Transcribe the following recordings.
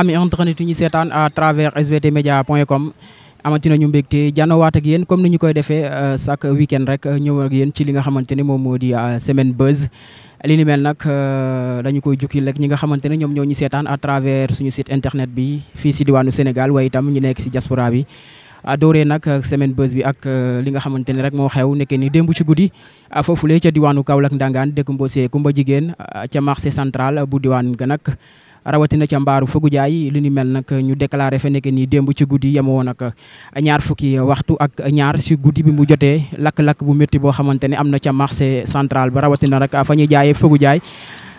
ami internet yi ñu seetaan à travers sbtmedia.com amati nañu mbégte jànnowaat ak yéen comme ni ñu koy defee euh, chaque week-end rek euh, ñëw ak yéen ci li nga xamante ne moom moo di euh, semaine buzz. li ni mel nag dañu koy jukki rek ñi nga xamante ne ñoom ñoo ñu seetaan à travers suñu site internet bi fi si diwaanu Sénégal waaye itam ñu nekk si diaspora bi. dooree nag semaine buzz bi ak li nga xamante ne rek moo xew nekkee ni dem bu ci guddi foofulee ca diwaanu Kaolack Ndangaan dëkk Mbose Kumba Jigéen ca marché central bu diwaan ga nag. rawatina ca mbaaru foogu jaay li ni mel nag ñu déclaré fa nekk nii démb ci guddi yemoo nag ñaar fukki waxtu ak ñaar si guddi bi mu jotee lakk-lakk bu métti boo xamante ne am na ca marché central ba rawatina rek fa ñuy jaayee foogu jaay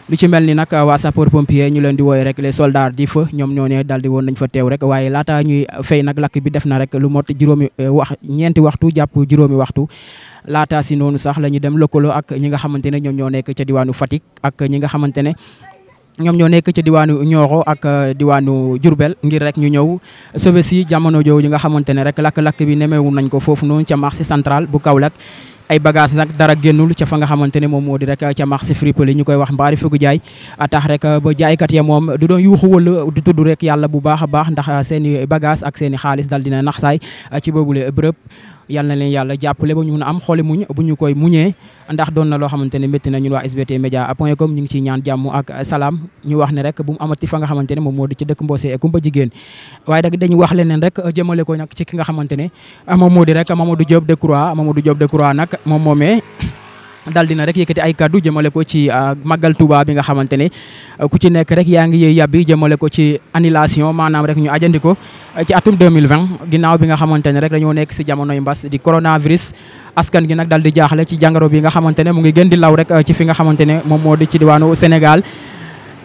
lu ci mel ni nag waa sapeur pompier ñu leen di wooy rek les soldats di fa ñoom ñoo ne daal di woon nañ fa teew rek waaye laata ñuy fay nag lakk bi def na rek lu mot juróomi eh, wax ñeenti waxtu jàpp juróomi waxtu laata si noonu sax la ñu dem lëkkaloo ak ñi nga xamante ne ñoom ñoo nekk ca diwaanu Fatick ak ñi nga xamante ne ñoom ñoo nekk ci diwaanu Nioro ak euh, diwaanu Diourbel ngir rek ñu ñëw sauver si jamono jooju nga xamante ne rek lakk-lakk bi ne nemeewu nañ ko foofu noonu ca marché central bu Kaolack ay bagage nag dara génnul ca fa nga xamante ne moom moo di rek ca marché Fripoli ñu koy wax mbaari fugu jaay tax rek euh, ba jaaykat ya moom du doon yuuxu wala di tudd rek yàlla bu baax a baax ndax euh, seen i bagage ak seen i xaalis dal dina naxsaay ci boobule bërëb yal na leen yàlla jàppale ba ñu mun a am xoole muñ bu ñu koy muñee ndax doon na loo xamante ne métti na ñun waa SBT Média point com ñu ngi ciy ñaan jàmm ak salaam ñu wax ne rek bu mu amati fa nga xamante ne moom moo di ci dëkk Mbossé Kumba jigéen waaye nag dañu wax leneen rek jëmale ko nak ci ki nga xamante ne moom moo di rek Mamadou Diop Decroix Mamadou Diop Decroix nag moom moomee daal dina rek yëkkati ay kaddu jëmale ko ci ah, màggal Touba bi nga xamante ne ah, ku ci nekk rek yaa ngi yëy yàbbi jëmale ko ci annulation maanaam rek ñu ajandi ko ah, ci atum 2020 ginnaaw bi nga xamante ne rek dañoo nekk si jamonoy mbas di coronavirus askan gi nag daal di jaaxle ci jàngoro bi nga xamante ne mu ngi gën di law rek ci fi nga xamante ne moom moo di ci diwaanu Sénégal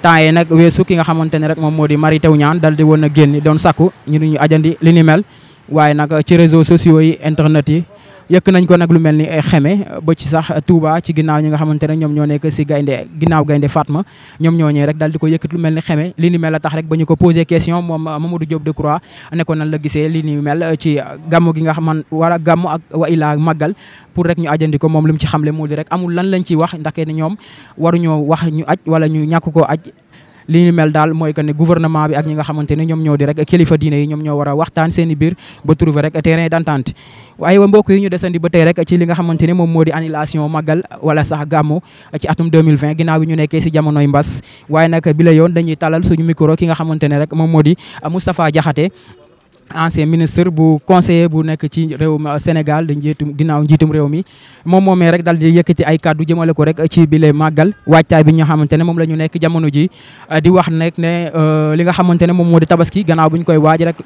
temps nag weesu ki nga xamante ne rek moom moo di Mary Teuw Niane daal di woon a génn doon sakku ñu ñu ajandi li ni mel waaye nag ci réseaux sociaux yi internet yi yëkk nañ ko nag lu mel ni eh, xeme ba ci sax Touba ci ginnaaw ñi nga xamante ne ñoom ñoo nekk si gaynde ginnaaw gaynde Fatma ñoom ñoo ñëwee rek daal di ko yëkkat lu mel ni xeme li ni mel a tax rek ba ñu ko posé question moom eh, Mamadou de Decroix ne ko nan la gisee li ni mel eh, ci gàmmu gi nga xaman wala gàmmu ak wa ilaa màggal pour rek ñu ajandi ko moom lu mu ci xamle moo di rek amul lan lañ ciy wax ndake ne ñoom ñoo wax ñu aj wala ñu ñàkk ko aj li ñu mel daal mooy que ne gouvernement bi ak ñi nga xamante ne ñoom ñoo di rek kilifa diine yi ñoom ñoo war a waxtaan seen i biir ba trouver rek terrain d'entente waaye wa mbokk yi ñu desandi ba tey rek ci li nga xamante ne moom moo di annulation màggal wala sax gàmmu ci atum 2020 ginnaaw bi ñu nekkee si jamonoy mbas waaye nag bi la yoon dañuy talal suñu micro ki nga xamante ne rek moom moo a Moustapha Diakhaté ancien ministre bu conseiller bu nekk ci réew euh, Sénégal di njiitum mi moom moomee rek daal di yëkkati ay kàddu jëmale ci bile màggal waajtaay bi euh, euh, nga xamante ne moom moo di tabaski gannaaw bu ñu koy waaj rek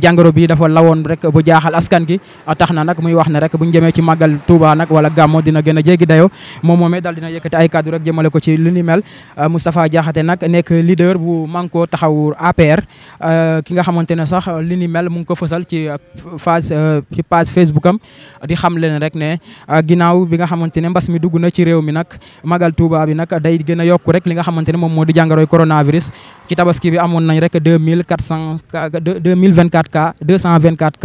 jàngoro bi dafa lawoon rek bu jaaxal askan gi tax na nag muy wax ne rek bu ñu jëmee ci màggal Touba nag wala gàmmo dina gën a jéggi dayoo moom moomee dina yëkkati ay kàddu rek ko ci li ni mel Moustapha Diakhaté nag nekk leader bu Manko taxaw APR ki nga xamante sax li Sall mu ngi ko fësal ci euh, phase euh, ci page Facebook am di xam leen rek ne euh, ginnaaw bi nga xamante ne mbas mi dugg na ci réew mi nag magal Touba bi nag day gën a yokku rek li nga xamante ne moom moo di jàngoroy coronavirus ci tabaski bi amoon nañ rek mille quatre cent deux mille vingt quatre cas deux cent vingt quatre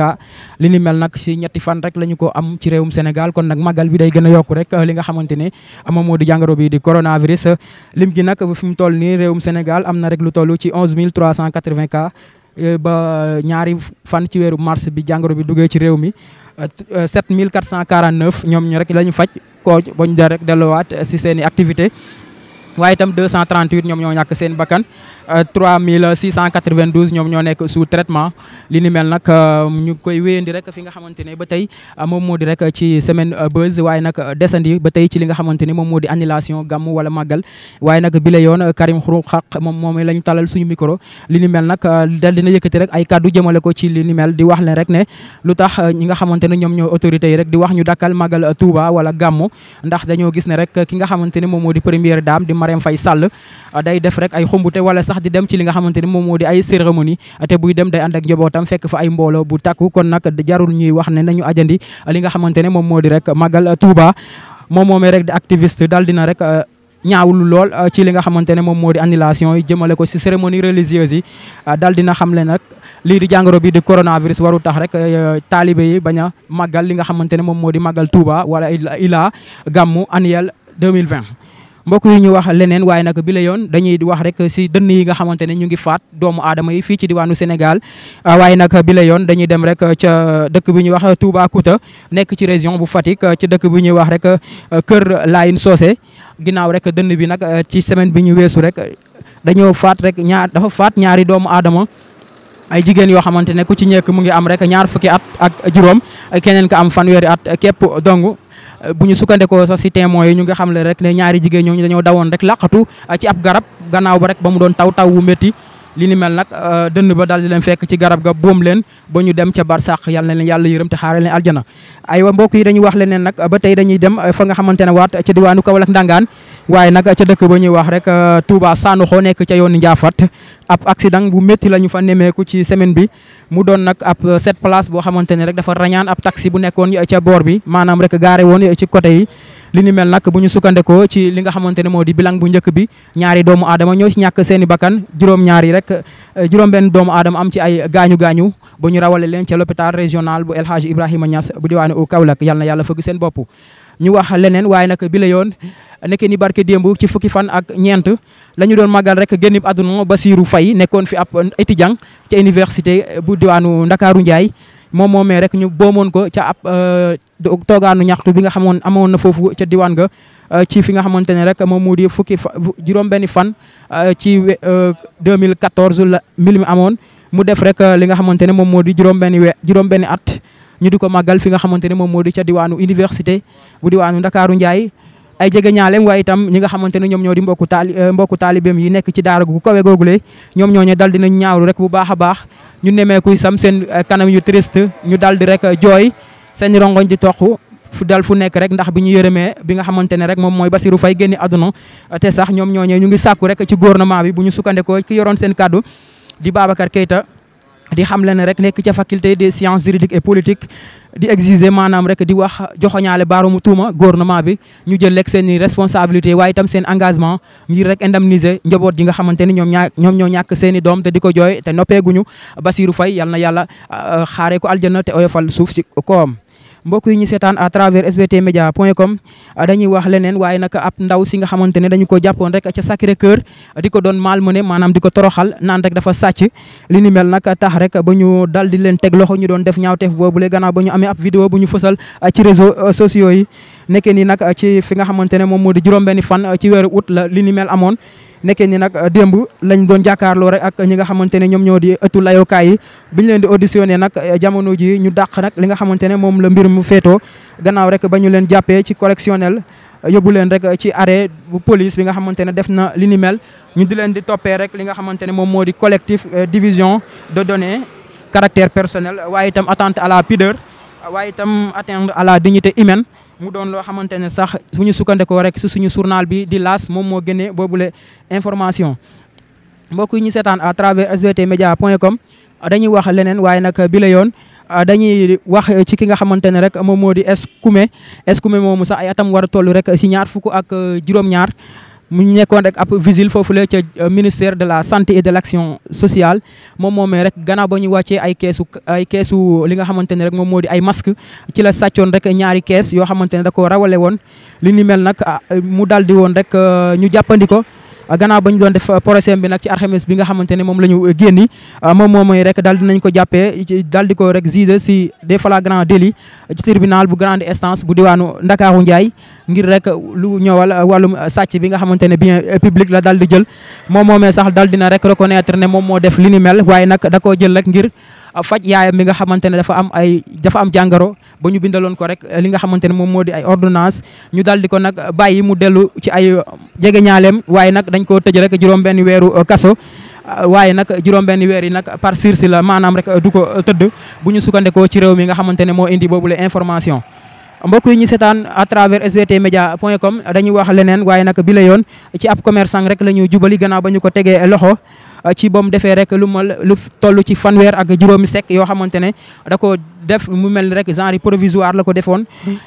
la ñu ko am ci réewum Sénégal kon nag magal bi day gën a yokku rek li nga xamante ne moom moo di jàngoro bi di coronavirus lim gi nag fi mu toll nii réewum Sénégal am na rek lu toll ci onze mille trois cent quatre-vingts cas Euh, ba euh, ñaari fan ci weeru mars bi jàngoro bi duggee ci réew mi euh, mille 7449 ñoom ñu rek la ñu faj koo bañ da rek delluwaat si seen i activité waaye itam 238 ñoom ñoo ñàkk seen bakkan 3692 euh, ñoom ñoo nekk sous traitement li ni mel nag euh, ñu koy wéyandi rek fi nga xamante ne ba tey euh, moom moo di rek ci semaine buzz waaye nag desandi ba tey ci li nga xamante ne moom moo di annulation gàmm wala màggal waaye nag bi la yoon Karim moom Xax moom moom la ñu talal suñu micro li ni mel nag dal dina yëkkati rek ay kàddu jëmale ko ci li ni di wax leen rek ne lu tax ñi nga xamante ne ñoom ñoo autorités yi rek di wax ñu dakkal màggal Touba wala gàmm ndax dañoo gis ne rek ki nga xamante ne moom moo di première dame di Marème Faye Sall euh, day def rek ay xumbute wala sax di dem ci li nga xamante ni moom moo di ay cérémonie te buy dem day ànd ak njabootam fekk fa ay mbooloo bu takku kon nag jarul ñuy wax ne nañu ajandi euh, li nga xamante ne moom moo di rek Magal euh, Touba moom moomee rek di activiste daal dina rek ñaawlu lool ci li nga xamante ne moom moo di annulation yi jëmale ko si cérémonie religieuse yi daal dina xam le nag lii di jàngoro bi di coronavirus waru tax rek taalibe yi bañ a màggal li nga xamante ne moom moo di màggal Touba wala ila gàmmu annuel 2020 mbokk yi ñu wax leneen waaye nag bi la yoon dañuy wax rek si dënn yi nga xamante ne ñu ngi faat doomu aadama yi fii ci diwaanu Sénégal ah, waaye nag bi yoon dañuy dem rek ca dëkk bi ñuy wax Toubacouta nekk ci région bu Fatick ci dëkk bi ñuy wax rek ah, Kër Laayeen Socé ginnaaw rek dënn bi nag ah, ci semaine bi ñu weesu rek dañoo faat rek ñaar dafa faat ñaari doomu aadama ay jigéen yoo xamante ne ku ci ñekk mu ngi am rek ñaar fukki at ak juróom keneen ka am fanweeri at képp dong bu ñu sukkandekoo sax si témoins yi ñu nga xam le rek ne ñaari jigéen ñoo dañoo dawoon rek a uh, ci ab garab gannaaw ba rek ba mu doon taw taw wu métti li ni mel nag uh, dënn ba daal di leen fekk ci garab ga boom leen ba ñu dem ca barsàq yàlla na leen yàlla yërëm te xaaral leen aljana ay wa mbokk yi dañuy wax leneen nag ba tey dañuy dem uh, fa nga xamante ne waat ci diwaanu Kaolack Ndangaan waaye nag a ca dëkk ba ñuy wax rek euh, Touba xoo nekk ca yoonu Ndiaffate ab accident bu métti la ñu fa nemeeku ci semaine bi mu doon nag ab euh, set place boo xamante ne rek dafa rañaan ab taxi bu nekkoon ca boor bi maanaam rek gaare woon ci côté li ni mel nag bu ñu sukkandekoo ci li nga xamante ne moo di bilang bu njëkk bi ñaari doomu aadama ñoo ci ñàkk seen i juróom-ñaari rek euh, juróom-benn doomu aadama am ci ay gaañu-gaañu bu ñu rawale leen ca l'hôpital régional bu El Ibrahima Niass bu diwaane au Kaolack yàlla na yàlla fëgg seen boppu ñu wax leneen waaye nag bi la yoon nekkee ni barke démb ci fukki fan ak ñeent la ñu doon màggal rek génnib àdduna Bassirou fay nekkoon fi ab étudiant ca université bu diwaanu Ndakaaru Ndiaye moom moomee rek ñu boomoon ko ca ab euh, toogaanu ñaxtu bi nga xamoon amoon na foofu ca diwaan ga euh, ci fi nga xamante ne rek moom moo di fukki juróom-benni fan euh, ci 2014 la mbir mi amoon mu def rek li nga xamante ne moom moo di juróom-benni juróom-benni at ñu di ko màggal fi nga xamante ne moom moo di ca diwaanu université bu diwaanu ndakaaru njaay ay jege ñaaleem waaye itam ñi nga xamante ne ñoom ñoo di mbokku taali euh, mbokku taalibeem yi nekk ci daara gu kawe googule ñoom ñoo ñe dal dinañ ñaawlu rek bu baax a baax ñu nemeeku sam seen euh, kanam yu triste ñu dal di rek euh, jooy seen rongoñ di toq fu dal fu nekk rek ndax bi ñu yërëmee bi nga xamante ne rek moom mooy basiru fay génni àdduna te sax ñoom ñooñee ñu ngi sàkku rek ci gouvernement bi bu ñu sukkandikoo ki yoroon seen kàddu di Babacar Keita di xam ne rek nekk ca faculté des sciences juridiques et politiques di exiger maanaam rek di wax joxoñaale baarumu tuuma gouvernement bi ñu jël rek seen i responsabilité waaye tam seen engagement ngir rek indemniser njaboot ji nga xamante ni ñoom ñaa ñoom ñoo ñàkk seen doom te diko jooy te noppeeguñu Bassirou fay yal na yàlla euh, xaaree ko aljana te oyofal suuf si koom mbokk yi ñu seetaan à travers sbt média point com euh, dañuy wax leneen waaye nag ab ndaw si nga xamante ne dañu ko jàppoon rek a ca Sacré Cœur di ko doon malmené maanaam di ko toroxal naan rek dafa sàcc li ni mel nag tax rek ba ñu dal di leen tegloxo loxo ñu doon def ñaawteef boobule gannaaw ba ñu amee ab vidéo bu ñu fasal euh, ci réseaux euh, sociaux yi nekkee ni nag ci fi nga xamantene moom moo di juróom-benni fan ci weeru août la li ni amoon nekkee ni nag démb lañ doon jàkkaarloo rek ak ñi nga xamante ne ñoom ñoo di ëttu kaay yi bi leen di auditionné nag jamono ji ñu dàq nag li nga xamante ne moom la mbir mu féetoo gannaaw rek ba ñu leen jàppee ci collectionnel yóbbu leen rek ci arrêt bu police bi nga xamante ne def na li ni ñu di leen di toppee rek li nga xamante ne moom moo di collectif euh, division de données caractère personnel waaye itam attente à la pudeur waaye itam atteindre à la mu doon loo xamante ne sax bu ñu sukkandikoo rek su suñu journal bi di laas moom moo génnee boobule information mbokk yi ñu seetaan à travers média point com dañuy wax leneen waaye nag bi la yoon dañuy wax ci ki nga xamante ne rek moom moo di Escoumé Escoumé moomu sax ay atam war a toll rek si ñaar fukk ak juróom-ñaar mu nekkoon rek ab vigile foofu la ca euh, ministère de la santé et de l' sociale moom moomee rek gannaaw ba ñu wàccee ay keesu ay keesu li nga xamante ne rek moom moo di ay masque ci la sàccoon rek ñaari kees yoo xamante ne da rawale woon li ni mel nag ah, mu daal di woon rek euh, ñu jàppandiko gannaaw ba ñu doon def euh, procès bi nag ci alxames bi nga xamante ne moom la ñu euh, génni euh, moom moom mooy rek daal dinañ ko jàppee dal di ko rek gise si des flagrants délits ci tribunal bu grande instance bu diwaanu Ndakaaru Ndiaye ngir rek lu ñëwal wàllum sàcc bi nga xamante ne bien public la daal di jël moom moomee sax daal dina rek reconnaître ne moom moo def li ni mel waaye nag da jël rek ngir faj yaayam mi nga xamante ne dafa am ay dafa am jàngoro ba ñu bindaloon ko rek li nga xamante ne moom moo di ay ordonnance ñu dal di ko nag bàyyi mu dellu ci ay ñaalem waaye nag dañ koo tëj rek juróom benn weeru kaso waaye nag juróom-benn weer yi nag par sursis la maanaam rek du ko tëdd bu ñu sukkandekoo ci réew mi nga xamante ne moo indi boobule information. mbokk yi ñu seetaan à travers sbt media point com dañuy wax leneen waaye nag bi la yoon ci ab commerçant rek la ñuy jubali ganaaw ba ñu ko tegee loxo. Euh, ci ba mu defee rek lu ma lu toll ci fanweer ak juróomi sekk yoo xamante ne da ko def mu mel rek genre provisoire la ko defoon.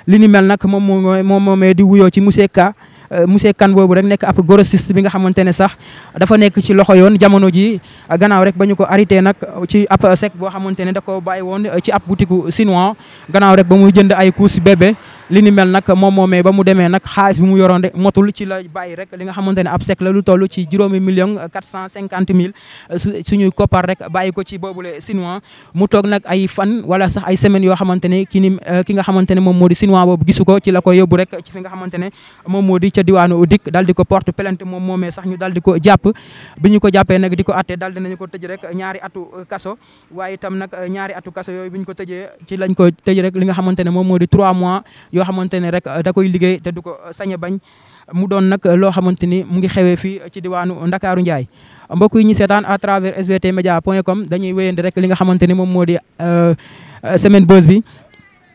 li ni mel nag moom moo moomee di wuyoo ci monsieur Ka euh, monsieur Kane boobu rek nekk ab grossiste bi nga xamante ne sax dafa nekk ci loxo yoon jamono ji euh, ganaaw rek ba ñu ko arrêté nag ci ab sec boo xamante ne da koo bàyyi woon ci ab boutique chinois gannaaw rek ba muy jënd ay couches bébé. li ni mel nag moom moomee ba mu demee nag xaalis bi mu yoroon de motul ci la bàyyi rek li nga xamante ne ab sec la lu toll ci juróomi million quatre cent cinquante mille suñuy koppar rek bàyyi ko ci boobule chinois mu toog nag ay fan wala sax ay semaines yoo xamante ne ki ni euh, ki nga xamante ne moom moo di chinois boobu gisu ko ci la ko yóbbu rek ci fi nga xamante ne moom moo di ca diwaanu dikk dal di ko porte plainte moom moomee sax ñu dal di ko jàpp bi ñu ko jàppee nag di ko atte dal dinañu ko tëj rek ñaari atu euh, kaso waaye itam nag euh, ñaari atu kaso yooyu bi ñu ko tëjee ci lañ ko tëj rek li nga xamante ne moom moo di trois mois yoo xamante ne rek da koy liggéey te du ko sañ a bañ mu doon nag loo xamante ni mu ngi xewee fii ci diwaanu Ndakaaru Ndiaye mbokk yi ñu seetaan à travers sbt média point comme dañuy wéyandi rek li nga xamante ni moom moo di euh, semaine buzz bi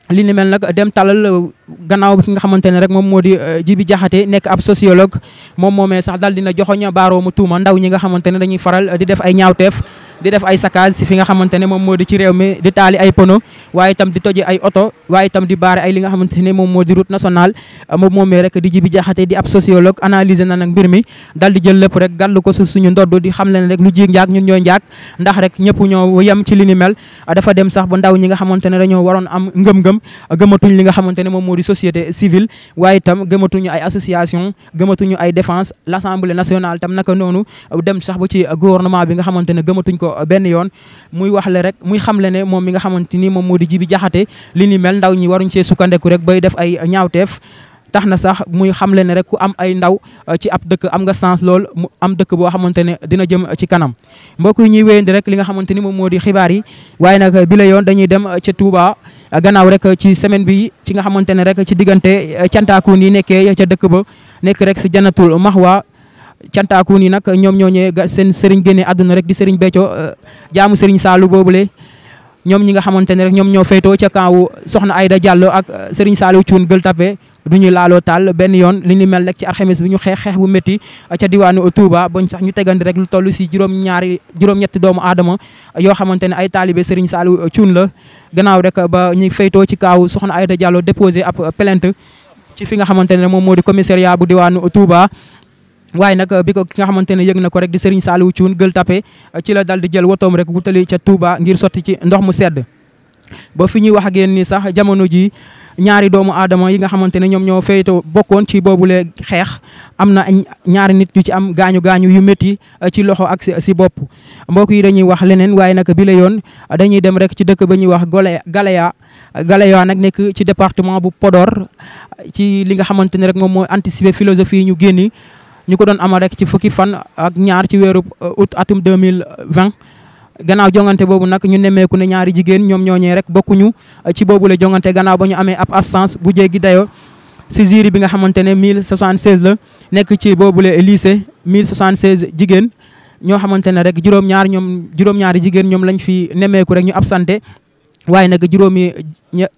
li ni mel nag dem talal gannaaw nga xamante ne rek moom moo di euh, Jibi Jaxate nekk ab sociologue moom moom moomee sax dal dina joxoñ baaroomu tuuma ndaw ñi nga xamante ne dañuy faral di def ay ñaawteef di def ay saccage si fi nga xamante ne moom moo di ci réew mi di taali ay pono waaye di toje ay oto waaye di baare ay li nga xamante moom moo di route nationale moom moomee rek di jibi jaxate di ab sociologue analyser na nag mbir mi dal ko su suñu di xam leen lu jig njaag ñun ñooy njaag ndax rek ñoo yem ci li ni mel dafa dem sax ba ndaw ñi nga xamante ne dañoo waroon am ngëm-ngëm gëmatuñ li nga xamante ne moom moo di société civile waaye itam gëmatuñu ay association gëmatuñu ay défense l'assemblée nationale tam naka noonu dem sax ba ci gouvernement bi nga xamante ne ko ko benn yoon muy wax le rek muy xam le ne moom mi nga xamante ni moom moo di Djiby Diakhaté li ni mel ndaw ñi waruñ see sukkandeku rek bay def ay ñaawteef tax na sax muy xam le ne rek ku am ay ndaw euh, ci ab dëkk am nga sens lool mu am dëkk boo xamante ne dina jëm euh, ci kanam mbokk yi ñuy wéyandi rek li nga xamante ni moom moo di xibaar yi waaye nag bi la yoon dañuy dem euh, ca Touba gannaaw rek ci semaine bi ci nga xamante ne rek ci diggante cantaakun yi nekkee ca dëkk ba nekk rek si janatul maxwa cantaakuun yi nag ñoom ñoo ñëwee seen sëriñ génne àdduna rek di sëriñ Béthio euh, jaamu sëriñ Saalu boobule ñoom ñi nga xamante ne rek ñoom ñoo féetoo ca kawu soxna Aida Diallo ak euh, sëriñ Saalu Cuun Gueule Tapée du ñu laaloo taal benn yoon li ñu mel rek ci alxames bi ñu xeex xeex bu métti euh, ca diwaanu Touba bañ sax ñu tegandi rek lu toll si juróom ñaari doomu aadama yoo xamante ne ay taalibe Serigne Saliou Thioune la gannaaw rek ba ñu faytoo ci kaaw soxna Aida Diallo déposé ab plainte ci fi nga xamante ne moom moo di commissariat bu diwaanu Touba waaye nag bi ko ki nga xamante ne yëg na ko rek di Serigne Saliou Thioune Gueule Tapée ci la dal di jël wotoom rek wutali ca Touba ngir sotti ci ndox mu sedd ba fi ñuy wax ak yéen nii sax jamono ji ñaari doomu aadama yi nga xamante ne ñoom ñoo féetoo bokkoon ci boobule xeex am na ñaari nit yu ci am gaañu gaañu yu métti eh, ci loxo ak si bopp mbokk yi dañuy wax leneen waaye nag bi la yoon dañuy dem rek ci dëkk ba ñuy wax gole Galeya Galeya nag nekk ci département bu Podor ci li nga xamante ne rek moom mooy anticiper philosophie yi ñu génni ñu ko doon amal rek ci fukki fan ak ñaar ci weeru euh, août atum 2020 gannaaw jongante boobu nag ñu nemmeeku ne ñaari jigéen ñoom ñooñee rek bokkuñu euh, ci boobu la jongante gannaaw ba ñu amee ab absence bu jéggi dayoo si jury bi nga xamante ne 1076 la nekk ci boobule lycée 1076 jigéen ñoo xamante ne rek juróom-ñaar ñoom juróom-ñaari jigéen ñoom lañ fi nemmeeku rek ñu absenté waaye nag juróomi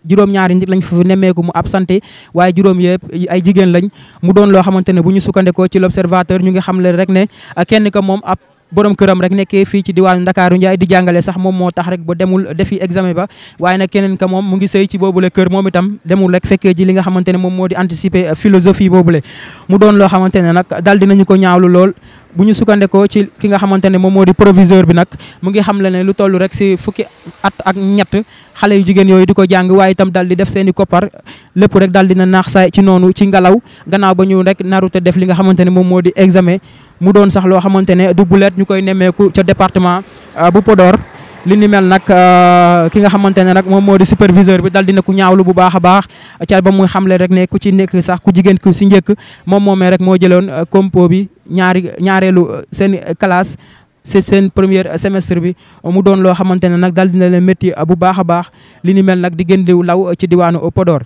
juróom-ñaari nit lañ fa nemmeeku mu absenté waaye juróom yëpp ay jigéen lañ mu doon loo xamante ne bu ñu sukkandekoo ci l'observateur ñu ngi xam leen rek ne ah, kenn ka moom ab borom këram rek nekkee fii ci diwaanu Ndakaaru Njaay di jàngale sax moom moo tax rek ba demul defi examen ba waaye nag keneen ka moom mu ngi sëy ci boobule kër moom itam demul rek fekkee ji li nga xamante ne moom moo di anticiper philosophie boobule mu doon loo xamante ne nag dal dinañu ko ñaawlu lool bu ñu sukkandekoo ci ki nga xamante ne moom moo di proviseur bi nag mu ngi xam le ne lu toll rek si fukki at ak ñett xale yu jigéen yooyu di ko jàng waaye itam daal di def seen i koppar lépp rek daal dina naax saay ci noonu ci ngelaw gannaaw ba ñu rek narute def li nga xamante ne moom moo di examen mu doon sax loo xamante ne du bulet ñu koy nemmeeku ca département ah, bu podoor li ni mel nag euh, ki nga xamante ne nag moom moo di superviseur bi dal dina ku ñaawlu bu baax a baax ca ba muy xamle rek ne ku ci nekk sax ku jigéen ku si njëkk moom moomee rek moo jëloon euh, compo bi ñaari ñaareelu euh, seen classe c'est seen premier semestre bi mu doon loo xamante ne nag dal dina leen métti bu baax a baax li ni mel nag di gën di law ci diwaanu Podor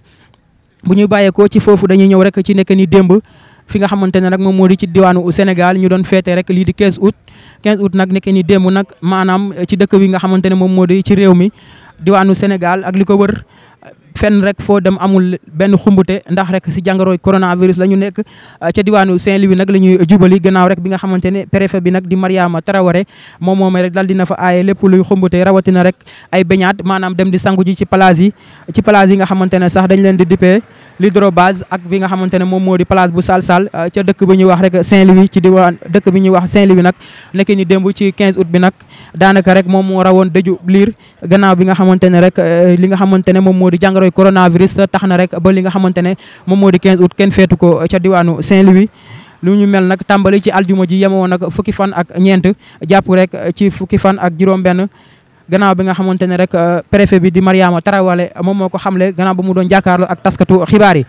bu ñu bàyyeekoo ci foofu dañuy ñëw rek ci nekk ni démb fi nga xamante ne rek moom moo di ci diwaanu Sénégal ñu doon féete rek lii di 15 août 15 août nag nekk démb nag maanaam ci dëkk bi nga xamante ne moom moo di ci réew mi diwaanu Sénégal ak li ko wër fenn rek foo dem amul benn xumbute ndax rek si jàngoro coronavirus la ñu nekk diwaanu Saint-Louis nag la ñuy jubali gannaaw rek bi nga xamante ne préfet bi nag di Mariama Traoré moom moom rek dal dina fa aaye lépp luy xumbute rawatina rek ay beñaat maanaam dem di sangu ji ci place yi ci place yi nga xamante ne sax dañ leen di dipee l'hydrobase ak bi nga xamante ne moom moo di place bu Sal Sal euh, ca dëkk ba ñu wax rek saint ci diwaan dëkk bi ñu wax Saint-Louis nag nekk ni démb ci quinze août bi nag daanaka rek moom moo rawoon dëju liir gannaaw bi nga xamante ne rek euh, li nga xamante ne moom moo di jàngoroy coronavirus tax na rek ba li nga xamante ne moom moo di 15 août kenn feetu ko euh, ca diwaanu Saint-Louis lu ñu mel nag tàmbali ci aljuma ji yemoon nag fukki fan ak ñeent jàpp rek ci fukki fan ak juróom-benn gannaaw bi nga xamante ne rek euh, préfet bi di Mariama Tarawale moom moo ko xamle gannaaw ba mu doon jàkkaarloo ak taskatu o yi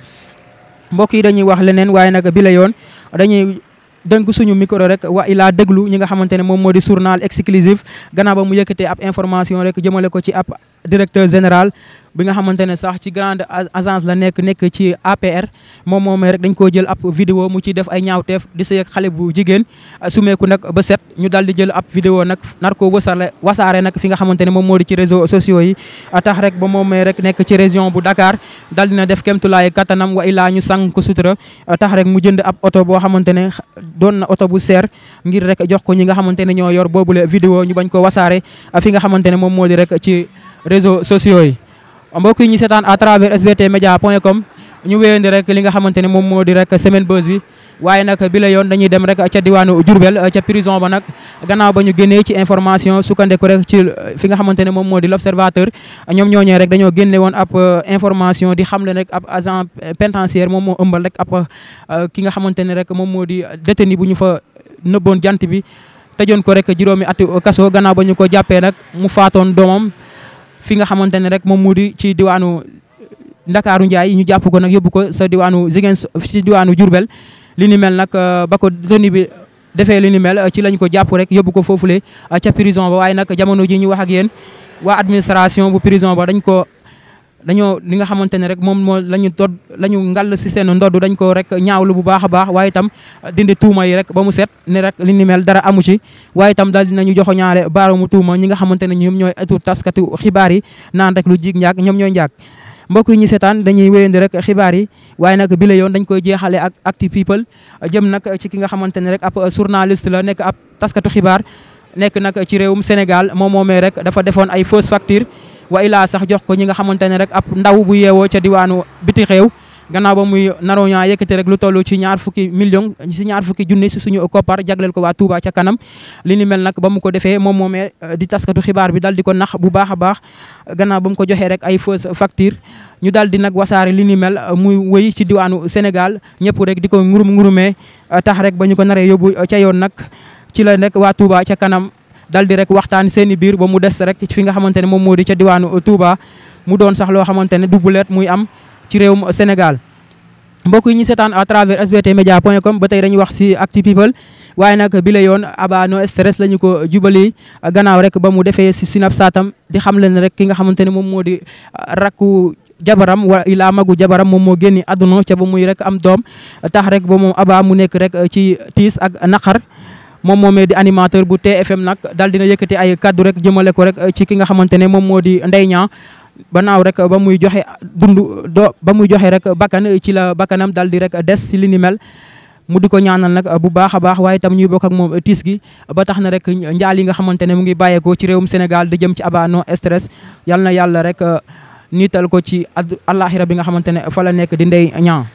mbokk yi dañuy wax leneen waaye nag bi la yoon dañuy dënk suñu micro rek wa ilaa déglu ñi nga xamante ne moom moo di journal exclusif gannaaw ba mu yëkkatee ab information rek jëmale ko ci ap directeur général bi nga xamante ne sax ci grande agence la nekk nekk ci APR moom moomee rek dañ koo jël ab vidéo mu ciy def ay ñaawteef di sëy xale bu jigéen sumeeku nag ba set ñu daal di jël ab vidéo nag nar koo wasaare wasaare nag fi nga xamante ne moom moo di ci réseaux sociaux yi tax rek ba moomee rek nekk ci région bu Dakar daal dina def kemtulaay kattanam wa ilaa ñu sang ko sutura tax rek mu jënd ab oto boo xamante ne doon na oto bu seer ngir rek jox ko ñi nga xamante ne ñoo yor boobule vidéo ñu bañ ko wasaare fi nga xamante ne moom moo di rek ci réseaux sociaux yi mbokk yi ñu seetaan à travers sbtmedia.com ñu wéyandi rek li nga xamante ne moom moo di rek semaine buzz bi waaye nag bi yoon dañuy dem rek ca diwaanu Diourbel ca prison ba nag gannaaw ba ñu génnee ci information sukkandiku rek ci fi nga xamante ne moom moo di l'observateur ñoom ñooñee rek dañoo génne woon ab euh, information di xamle nak ab agent pénitentiaire moom moo ambal rek ab euh, ki nga xamante ne rek moom moo di détenu bu ñu fa nëbboon jant bi tëjoon ko rek juróomi atu kaso gannaaw ba ñu ko jàppee nag mu faatoon doomam fi nga xamante ne rek moom moo di ci diwaanu Ndakaaru Ndiaye ñu jàpp ko nag yóbbu ko sa diwaanu Ziguinne ci diwaanu Diourbel li ni mel nag euh, ba ko tenue bi defee li ni mel euh, ci lañ ko jàpp rek yóbbu ko foofule euh, ca prison ba waaye nag jamono ji ñu wax ak yéen administration bu prison ba dañ ko dañoo li nga xamante ne rek moom moo la ñu dodd la ñu ngàll si seen ndodd dañ ko rek ñaaw lu bu baax a baax waaye itam dindi tuuma yi rek ba mu set ne rek li ni mel dara amu ci waaye itam daal dinañu joxo ñaare baaraamu tuuma ñi nga xamante ne ñoom ñooy atu taskatu xibaar yi naan rek lu jig njaag ñoom ñooy njaag mbokk yi ñu seetaan dañuy wéyandi rek xibaar yi waaye nag bi la yoon dañ koy jeexale ak acti jëm nag ci ki nga xamante ne rek ab journaliste la nekk ab taskatu xibaar nekk nag ci réewum Sénégal moom moomee rek dafa defoon ay fausse facture wa ilaa sax jox ko ñi nga xamante ne rek ab ndaw bu yeewoo ca diwaanu biti xeew gannaaw ba muy naroo ñaa yëkkati rek lu toll ci ñaar fukki million si ñaar fukki junni si suñu kopar jagleel ko waa Touba ca kanam li ni mel nag ba mu ko defee moom moomee eh, di taskatu xibaar bi dal di ko nax bu baax a baax gannaaw ba mu ko joxee rek ay fausse facture ñu daal di nag wasaare li ni mel eh, muy woy ci diwaanu Sénégal ñëpp rek di ko ngurum ngurumee eh, tax rek ba ñu ko naree yóbbu ca yoon nag ci la nekk waa Touba ca kanam dal di rek waxtaan seeni biir ba mu des rek fi nga xamante ne moom moo di ca diwaanu Touba mu doon sax loo xamante ne dubuleet muy am ci réewum Sénégal mbokk yi ñu seetaan à travers média point com ba tey dañuy wax si acti people nag bi la yoon aba no ko jubali gannaaw rek ba mu defee si sinab saatam di xam leen rek ki nga xamante ne moom moo di rakku jabaram wala ilaa magu jabaram moom moo génni àdduna ca ba muy rek am doom tax rek ba moom aba mu nekk rek ci tiis ak naqar moom moomee di animateur bu te TFM nag daal dina yëkkati ay kaddu rek jëmale ko rek eh, ci ki nga xamante ne moom moo di Ndeye Niang banaaw rek eh, ba muy joxe dund do ba muy joxe rek bakkan eh, ci la bakkanam daal di rek des si li ni mu di ko ñaanal nag bu baax a baax waaye tam bokk ak moom tiis gi ba tax na rek njaal yi nga xamante ne mu ngi bàyyeekoo ci réewum Sénégal di jëm ci Aba no stress na yàlla rek niital ko ci àllaaxira bi nga xamante ne fa la nekk di Ndeye Niang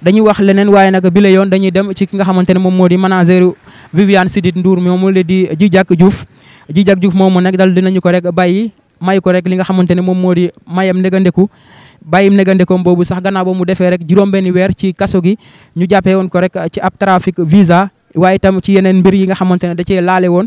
dañuy wax leneen waaye nag bi la yoon dañuy dem ci ki nga xamante ne moom moo di manager Viviane Sidit Ndour moomu la di Djijak Diouf Djijak Diouf moomu nag dal dinañu ko rek bàyyi may ko rek li nga xamante ne moom moo di mayam negandeku bàyyim negandekoom boobu sax gannaaw ba mu defee rek juróom-benni weer ci kaso gi ñu jàppee woon ko rek ci ab trafic visa waaye tam ci yeneen mbir yi nga xamante ne da cee laale woon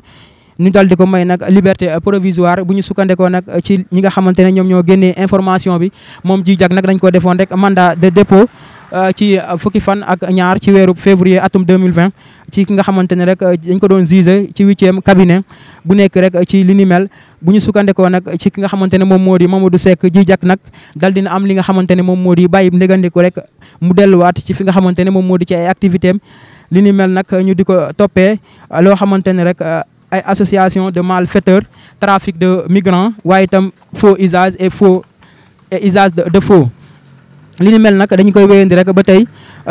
ñu dal di ko may nag liberté provisoire bu ñu sukkandekoo nag ci ñi nga xamante ne ñoom ñoo génnee information bi moom ji nag dañ ko defoon rek mandat de dépôt euh, ci fukki fan ak ñaar ci weeru février atum 2020 ci ki nga xamante ne rek euh, dañ ko doon jugé ci huitième cabinet bu nekk rek euh, ci li ni mel bu ñu sukkandikoo nag ci ki nga xamante ne moom moo di Mamadou Seck ji jak nag dal dina am li nga xamante ne moom moo di bàyyi ndegandiku rek mu delluwaat ci fi nga xamante ne moom moo di ci ay activité li ni mel nag ñu di ko toppee euh, loo xamante ne rek ay association de malfaiteurs trafic de migrants waaye itam faux usage et faux et usage de faux mel nag dañu koy wéyandi rek ba tey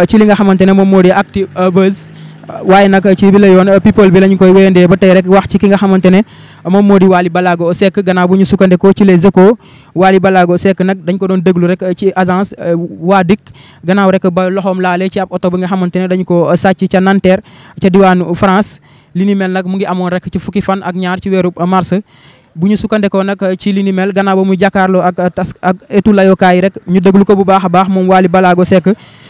ci li nga xamante ne moom moo di Actubuzz waaye nag ci bi la yoon pipol bi lañu koy wéyandee ba tey rek wax ci ki nga xamante ne moom moo di Waly Balago Seck gannaaw bu ñu sukkandikoo ci les échos Waly Balago Seck nag dañ ko doon déglu rek ci agence euh, waa dik gannaaw rek ba loxoom laale ci ab oto bi nga xamante ne dañ ko euh, sàcc ca Nanterre ca diwaanu France li ni mel nag mu ngi amoon rek ci fukki fan ak ñaar ci weeru mars bu ñu sukkandekoo nag eh, ci li ni mel gannaaw ba mu jàkkaarloo ak eh, tas ak etu layookaay rek ñu déglu ko bu baax a baax moom Waly Balago sek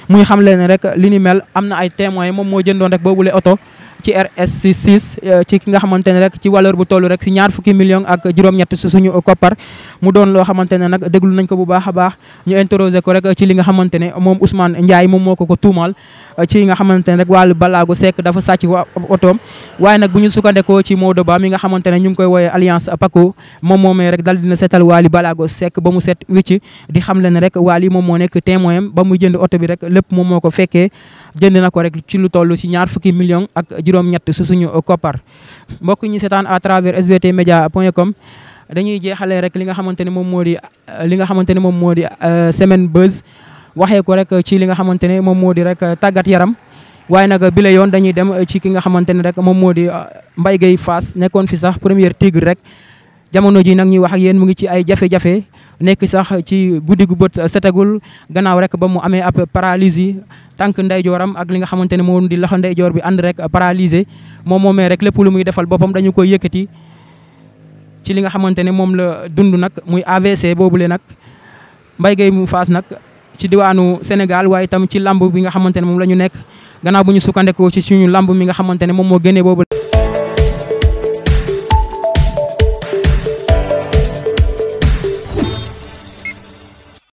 muy xam leen rek li ni mel am na ay témoins moom moo jëndoon rek boobule oto ci RS66 euh, ci ki nga xamante ne rek ci valeur bu toll rek si ñaar fukki million ak juróom-ñett suñu koppar mu doon loo xamante ne nag déglu nañ ko bu baax a baax ñu interroger ko rek ci li nga xamante ne moom Ousmane Ndiaye moom moo ko ko tuumal ci nga xamante ne rek wàllu balaagu sekk dafa sàcc otoom waaye nag bu ñu sukkandekoo ci Maodo Ba mi nga xamante ne ñu ngi koy woowee alliance PACO moom moomee rek dal dina seetal Wally balaago sekk ba mu set wicc di xam le ne rek Wally moom moo nekk témoin ba muy jënd oto bi rek lépp moom moo ko fekkee jënd na ko rek ci lu toll si ñaar fukki million ak juróom-ñett su suñu koppar mbokk ñi seetaan à travers sbt média point com dañuy jeexalee rek li nga xamante ne moom moo di li nga xamante ne moom moo di euh, semaine buzz waxee ko rek ci li nga xamante ne moom moo di rek tàggat yaram waaye nag bi yoon dañuy dem ci ki nga xamante ne rek moom moo di euh, Mbaye Gueye Fass nekkoon fi sax première tigre rek jamono ji nag ñuy wax ak yéen mu ngi ci ay jafe-jafe nekk sax ci guddi gu bët setagul gannaaw rek ba mu amee ab paralysie tànk ndeyjooram ak li nga xamante ne moo di loxo ndeyjoor bi ànd rek paralysé moom moomee rek lépp lu muy defal boppam dañu koy yëkkati ci li nga xamante ne moom la dund nag muy AVC boobule nag Mbaye Gueye mu Fass nag ci diwaanu Sénégal waaye itam ci lamb bi nga xamante ne moom la ñu nekk gannaaw bu ñu sukkandekoo ci suñu lamb mi nga xamante ne moom moo génnee boobu